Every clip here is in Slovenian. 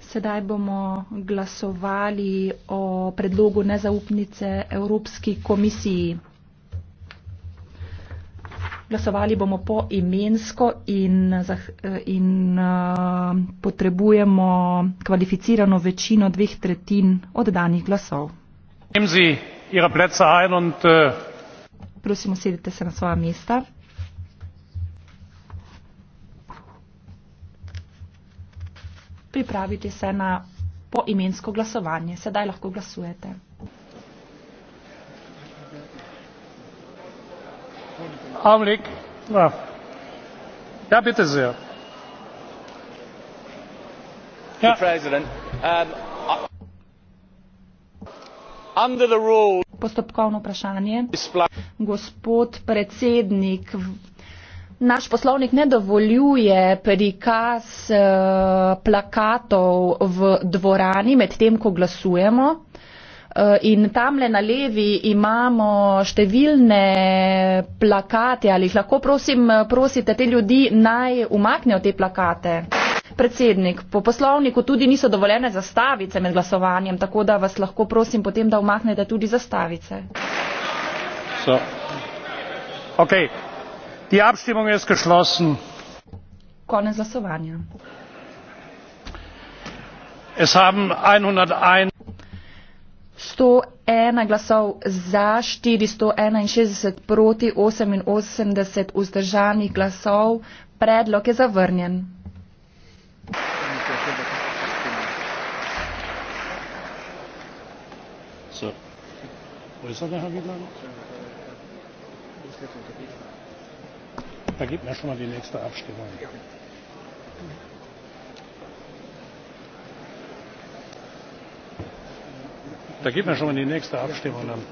Sedaj bomo glasovali o predlogu nezaupnice Evropski komisiji. Glasovali bomo po imensko in, in uh, potrebujemo kvalificirano večino dveh tretjin oddanih glasov. Äh, Prosim, usedite se na svoja mesta. pripravite se na poimensko glasovanje. Sedaj lahko glasujete. Amlik. Ja. Ja, bitte sehr. Ja. Herr Präsident, um, uh, under the rule... Postopkovno vprašanje. Gospod predsednik, Naš poslovnik ne dovoljuje prikaz eh, plakatov v dvorani med tem, ko glasujemo. Eh, in tamle na levi imamo številne plakate, ali jih lahko prosim, eh, prosite te ljudi naj umaknejo te plakate. Predsednik, po poslovniku tudi niso dovoljene zastavice med glasovanjem, tako da vas lahko prosim potem, da umaknete tudi zastavice. So. Okay die abstimmung ist geschlossen. es haben einhunderteins sto ena glasov za štiristo enainšestdeset proti oseminosemdeset vzdržanih glasov predlog je zavrnjen so, ergibt mir schon mal die nächste abstimmung. da geht mir schon mal die nächste abstimmung an.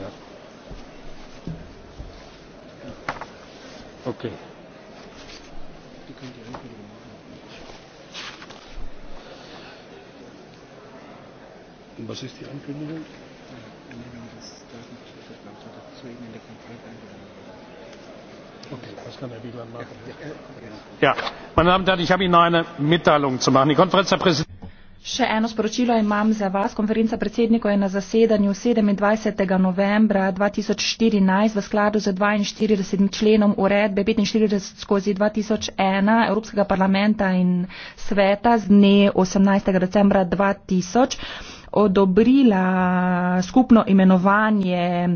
Ja. was ist die ankündigung? Ernennung des Datenschutzbeauftragten zu Ihnen in der Konferenz eingeladen wurde. Okay, das kann Herr Wieland machen. Ja, ja. ja, meine Damen und Herren, ich habe Ihnen eine Mitteilung zu machen. Die Konferenz der Präsidenten. Še eno sporočilo imam za vas. Konferenca predsednikov je na zasedanju 27. novembra 2014 v skladu z 42 členom uredbe 45 skozi 2001 Evropskega parlamenta in sveta z dne 18. decembra 2000 odobrila skupno imenovanje